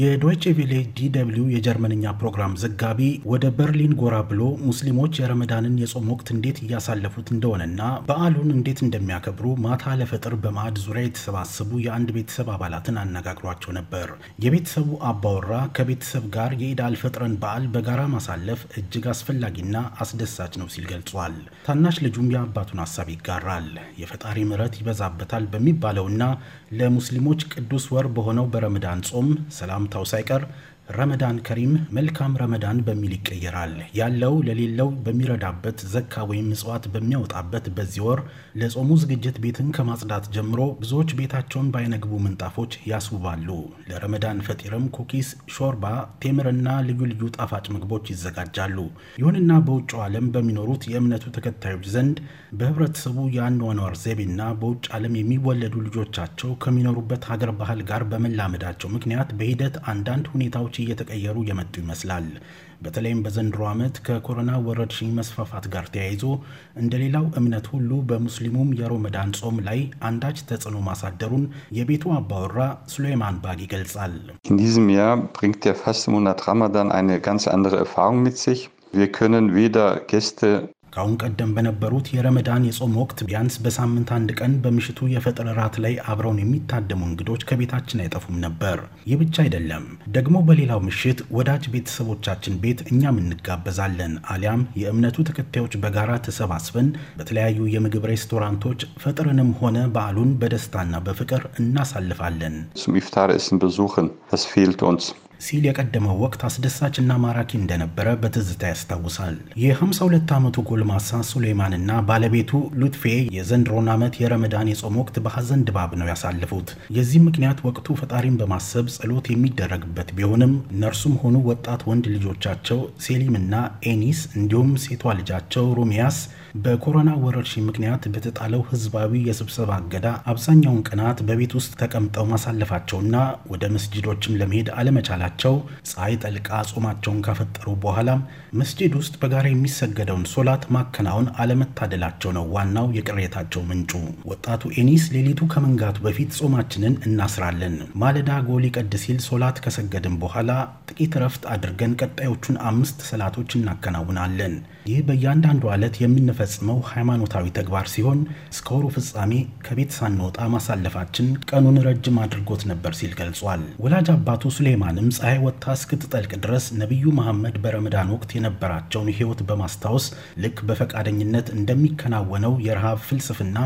የዶይቼ ቬሌ ዲደብሊው የጀርመንኛ ፕሮግራም ዘጋቢ ወደ በርሊን ጎራ ብሎ ሙስሊሞች የረመዳንን የጾም ወቅት እንዴት እያሳለፉት እንደሆነና በዓሉን እንዴት እንደሚያከብሩ ማታ ለፈጥር በማዕድ ዙሪያ የተሰባሰቡ የአንድ ቤተሰብ አባላትን አነጋግሯቸው ነበር። የቤተሰቡ አባወራ ከቤተሰብ ጋር የኢድ አልፈጥረን በዓል በጋራ ማሳለፍ እጅግ አስፈላጊና አስደሳች ነው ሲል ገልጿል። ታናሽ ልጁም የአባቱን ሀሳብ ይጋራል። የፈጣሪ ምሕረት ይበዛበታል በሚባለውና ለሙስሊሞች ቅዱስ ወር በሆነው በረመዳን ጾም ሰላም ሀምታው ሳይቀር ረመዳን ከሪም መልካም ረመዳን በሚል ይቀየራል። ያለው ለሌለው በሚረዳበት ዘካ ወይም ምጽዋት በሚያወጣበት በዚህ ወር ለጾሙ ዝግጅት ቤትን ከማጽዳት ጀምሮ ብዙዎች ቤታቸውን ባይነግቡ ምንጣፎች ያስውባሉ። ለረመዳን ፈጢርም ኩኪስ፣ ሾርባ፣ ቴምርና ልዩ ልዩ ጣፋጭ ምግቦች ይዘጋጃሉ። ይሁንና በውጭ ዓለም በሚኖሩት የእምነቱ ተከታዮች ዘንድ በህብረተሰቡ የአኗኗር ዘይቤና በውጭ ዓለም የሚወለዱ ልጆቻቸው ከሚኖሩበት ሀገር ባህል ጋር በመላመዳቸው ምክንያት በሂደት አንዳንድ ሁኔታዎች ሁኔታዎች እየተቀየሩ የመጡ ይመስላል። በተለይም በዘንድሮ ዓመት ከኮሮና ወረርሽኝ መስፋፋት ጋር ተያይዞ እንደሌላው እምነት ሁሉ በሙስሊሙም የሮመዳን ጾም ላይ አንዳች ተጽዕኖ ማሳደሩን የቤቱ አባወራ ሱሌይማን ባግ ይገልጻል። In diesem Jahr bringt der Fastenmonat Ramadan eine ganz andere Erfahrung mit sich. Wir können weder Gäste ከአሁን ቀደም በነበሩት የረመዳን የጾም ወቅት ቢያንስ በሳምንት አንድ ቀን በምሽቱ የፈጥር እራት ላይ አብረውን የሚታደሙ እንግዶች ከቤታችን አይጠፉም ነበር። ይህ ብቻ አይደለም፣ ደግሞ በሌላው ምሽት ወዳጅ ቤተሰቦቻችን ቤት እኛም እንጋበዛለን። አሊያም የእምነቱ ተከታዮች በጋራ ተሰባስበን በተለያዩ የምግብ ሬስቶራንቶች ፈጥርንም ሆነ በዓሉን በደስታና በፍቅር እናሳልፋለን። ስም እስን ብዙህን ስፊልት ሲል የቀደመው ወቅት አስደሳች እና ማራኪ እንደነበረ በትዝታ ያስታውሳል። የ52 ዓመቱ ጎልማሳ እና ባለቤቱ ሉትፌ የዘንድሮን ዓመት የረመዳን የጾም ወቅት በሐዘን ድባብ ነው ያሳለፉት። የዚህም ምክንያት ወቅቱ ፈጣሪን በማሰብ ጸሎት የሚደረግበት ቢሆንም እነርሱም ሆኑ ወጣት ወንድ ልጆቻቸው ሴሊም እና ኤኒስ እንዲሁም ሴቷ ልጃቸው ሩሚያስ በኮሮና ወረርሽኝ ምክንያት በተጣለው ህዝባዊ የስብሰባ እገዳ አብዛኛውን ቀናት በቤት ውስጥ ተቀምጠው ማሳለፋቸውና ወደ መስጅዶችም ለመሄድ አለመቻላቸው ፀሐይ ጠልቃ ጾማቸውን ካፈጠሩ በኋላም መስጅድ ውስጥ በጋራ የሚሰገደውን ሶላት ማከናወን አለመታደላቸው ነው ዋናው የቅሬታቸው ምንጩ። ወጣቱ ኤኒስ ሌሊቱ ከመንጋቱ በፊት ጾማችንን እናስራለን፣ ማለዳ ጎል ይቀድ ሲል ሶላት ከሰገድን በኋላ ጥቂት እረፍት አድርገን ቀጣዮቹን አምስት ሰላቶች እናከናውናለን። ይህ በእያንዳንዱ ዕለት የምንፈጽመው ሃይማኖታዊ ተግባር ሲሆን እስከ ወሩ ፍጻሜ ከቤት ሳንወጣ ማሳለፋችን ቀኑን ረጅም አድርጎት ነበር ሲል ገልጿል። ወላጅ አባቱ ሱሌይማንም ፀሐይ ወጥታ እስክትጠልቅ ድረስ ነቢዩ መሐመድ በረመዳን ወቅት የነበራቸውን ሕይወት በማስታወስ ልክ በፈቃደኝነት እንደሚከናወነው የረሃብ ፍልስፍና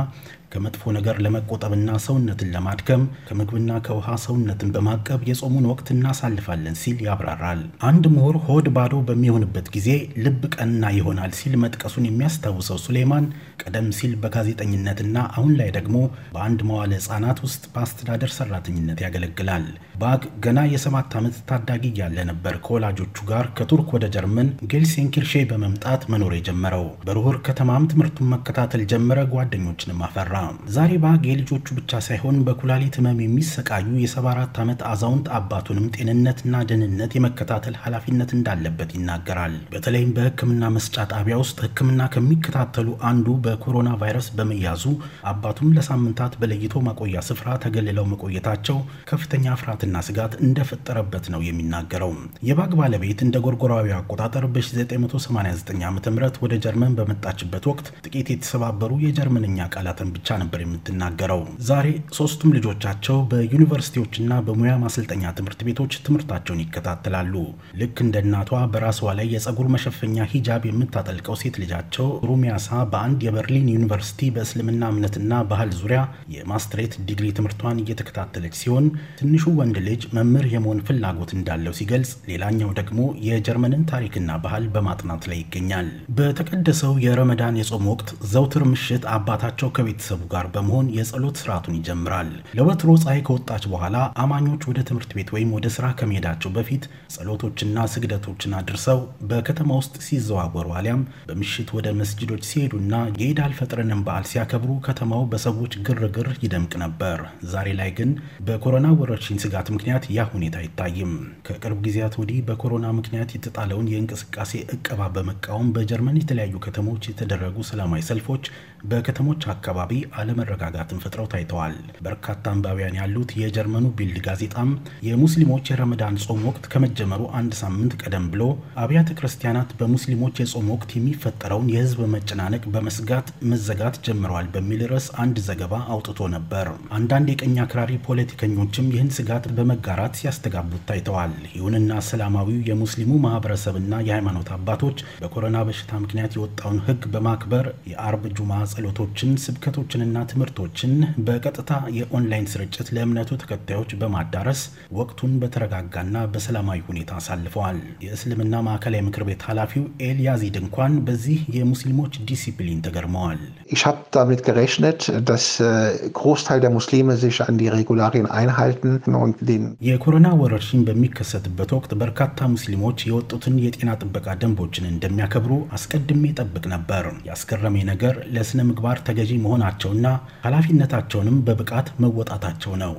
ከመጥፎ ነገር ለመቆጠብና ሰውነትን ለማድከም ከምግብና ከውሃ ሰውነትን በማቀብ የጾሙን ወቅት እናሳልፋለን ሲል ያብራራል። አንድ ምሁር ሆድ ባዶ በሚሆንበት ጊዜ ልብ ቀና ይሆናል ሲል መጥቀሱን የሚያስታውሰው ሱሌማን ቀደም ሲል በጋዜጠኝነትና አሁን ላይ ደግሞ በአንድ መዋለ ሕጻናት ውስጥ በአስተዳደር ሰራተኝነት ያገለግላል። ባግ ገና የሰባት ዓመት ታዳጊ ያለ ነበር ከወላጆቹ ጋር ከቱርክ ወደ ጀርመን ጌልሴንኪርሼ በመምጣት መኖር የጀመረው። በርሁር ከተማም ትምህርቱን መከታተል ጀመረ፣ ጓደኞችንም አፈራ። ዛሬ ባግ የልጆቹ ብቻ ሳይሆን በኩላሊት ህመም የሚሰቃዩ የ74 ዓመት አዛውንት አባቱንም ጤንነትና ደህንነት የመከታተል ኃላፊነት እንዳለበት ይናገራል። በተለይም በህክምና መስጫ ጣቢያ ውስጥ ህክምና ከሚከታተሉ አንዱ በኮሮና ቫይረስ በመያዙ አባቱም ለሳምንታት በለይቶ ማቆያ ስፍራ ተገልለው መቆየታቸው ከፍተኛ ፍርሃትና ስጋት እንደፈጠረበት ነው የሚናገረው። የባግ ባለቤት እንደ ጎርጎራዊ አቆጣጠር በ1989 ዓ ም ወደ ጀርመን በመጣችበት ወቅት ጥቂት የተሰባበሩ የጀርመንኛ ቃላትን ብቻ ብቻ ነበር የምትናገረው። ዛሬ ሶስቱም ልጆቻቸው በዩኒቨርሲቲዎችና በሙያ ማሰልጠኛ ትምህርት ቤቶች ትምህርታቸውን ይከታተላሉ። ልክ እንደ እናቷ በራሷ ላይ የጸጉር መሸፈኛ ሂጃብ የምታጠልቀው ሴት ልጃቸው ሩሚያሳ በአንድ የበርሊን ዩኒቨርሲቲ በእስልምና እምነትና ባህል ዙሪያ የማስትሬት ዲግሪ ትምህርቷን እየተከታተለች ሲሆን ትንሹ ወንድ ልጅ መምህር የመሆን ፍላጎት እንዳለው ሲገልጽ፣ ሌላኛው ደግሞ የጀርመንን ታሪክና ባህል በማጥናት ላይ ይገኛል። በተቀደሰው የረመዳን የጾም ወቅት ዘውትር ምሽት አባታቸው ከቤተሰቡ ከህብረተሰቡ ጋር በመሆን የጸሎት ስርዓቱን ይጀምራል። ለወትሮ ፀሐይ ከወጣች በኋላ አማኞች ወደ ትምህርት ቤት ወይም ወደ ስራ ከመሄዳቸው በፊት ጸሎቶችና ስግደቶችን አድርሰው በከተማ ውስጥ ሲዘዋወሩ አሊያም በምሽት ወደ መስጅዶች ሲሄዱና የኢድ አልፈጥርንም በዓል ሲያከብሩ ከተማው በሰዎች ግርግር ይደምቅ ነበር። ዛሬ ላይ ግን በኮሮና ወረርሽኝ ስጋት ምክንያት ያ ሁኔታ አይታይም። ከቅርብ ጊዜያት ወዲህ በኮሮና ምክንያት የተጣለውን የእንቅስቃሴ እቀባ በመቃወም በጀርመን የተለያዩ ከተሞች የተደረጉ ሰላማዊ ሰልፎች በከተሞች አካባቢ አለመረጋጋትን ፈጥረው ታይተዋል። በርካታ አንባቢያን ያሉት የጀርመኑ ቢልድ ጋዜጣም የሙስሊሞች የረመዳን ጾም ወቅት ከመጀመሩ አንድ ሳምንት ቀደም ብሎ አብያተ ክርስቲያናት በሙስሊሞች የጾም ወቅት የሚፈጠረውን የህዝብ መጨናነቅ በመስጋት መዘጋት ጀምረዋል በሚል ርዕስ አንድ ዘገባ አውጥቶ ነበር። አንዳንድ የቀኝ አክራሪ ፖለቲከኞችም ይህን ስጋት በመጋራት ሲያስተጋቡት ታይተዋል። ይሁንና ሰላማዊው የሙስሊሙ ማህበረሰብና የሃይማኖት አባቶች በኮሮና በሽታ ምክንያት የወጣውን ህግ በማክበር የአርብ ጁማ ጸሎቶችን፣ ስብከቶችን መረጃዎችንና ትምህርቶችን በቀጥታ የኦንላይን ስርጭት ለእምነቱ ተከታዮች በማዳረስ ወቅቱን በተረጋጋና በሰላማዊ ሁኔታ አሳልፈዋል። የእስልምና ማዕከላዊ ምክር ቤት ኃላፊው ኤልያዚድ እንኳን በዚህ የሙስሊሞች ዲሲፕሊን ተገርመዋል። ich habe damit gerechnet, dass äh, Großteil der Muslime sich an die Regularien einhalten und den የኮሮና ወረርሽኝ በሚከሰትበት ወቅት በርካታ ሙስሊሞች የወጡትን የጤና ጥበቃ ደንቦችን እንደሚያከብሩ አስቀድሜ ጠብቅ ነበር። ያስገረመኝ ነገር ለስነ ምግባር ተገዢ መሆናቸው መሆናቸውና ኃላፊነታቸውንም በብቃት መወጣታቸው ነው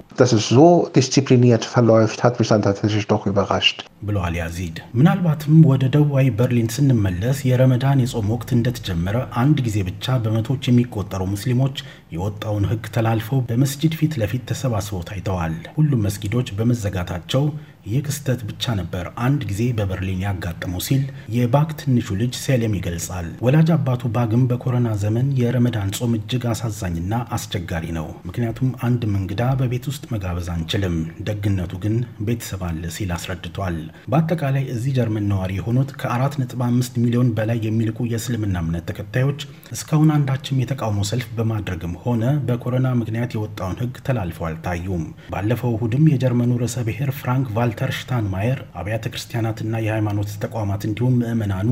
ብለዋል ያዚድ። ምናልባትም ወደ ደቡባዊ በርሊን ስንመለስ የረመዳን የጾም ወቅት እንደተጀመረ አንድ ጊዜ ብቻ በመቶዎች የሚቆጠሩ ሙስሊሞች የወጣውን ሕግ ተላልፈው በመስጂድ ፊት ለፊት ተሰባስበው ታይተዋል። ሁሉም መስጊዶች በመዘጋታቸው ይህ ክስተት ብቻ ነበር አንድ ጊዜ በበርሊን ያጋጠመው ሲል የባክ ትንሹ ልጅ ሴሌም ይገልጻል። ወላጅ አባቱ ባግም በኮሮና ዘመን የረመዳን ጾም እጅግ አሳዛኝና አስቸጋሪ ነው፣ ምክንያቱም አንድም እንግዳ በቤት ውስጥ መጋበዝ አንችልም፣ ደግነቱ ግን ቤተሰብ አለ ሲል አስረድቷል። በአጠቃላይ እዚህ ጀርመን ነዋሪ የሆኑት ከ4.5 ሚሊዮን በላይ የሚልቁ የእስልምና እምነት ተከታዮች እስካሁን አንዳችም የተቃውሞ ሰልፍ በማድረግም ሆነ በኮሮና ምክንያት የወጣውን ሕግ ተላልፈው አልታዩም። ባለፈው እሁድም የጀርመኑ ርዕሰ ብሔር ፍራንክ ቫልተ ዶክተር ሽታንማየር አብያተ ክርስቲያናትና የሃይማኖት ተቋማት እንዲሁም ምዕመናኑ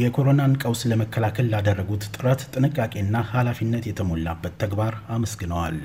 የኮሮናን ቀውስ ለመከላከል ላደረጉት ጥረት ጥንቃቄና ኃላፊነት የተሞላበት ተግባር አመስግነዋል።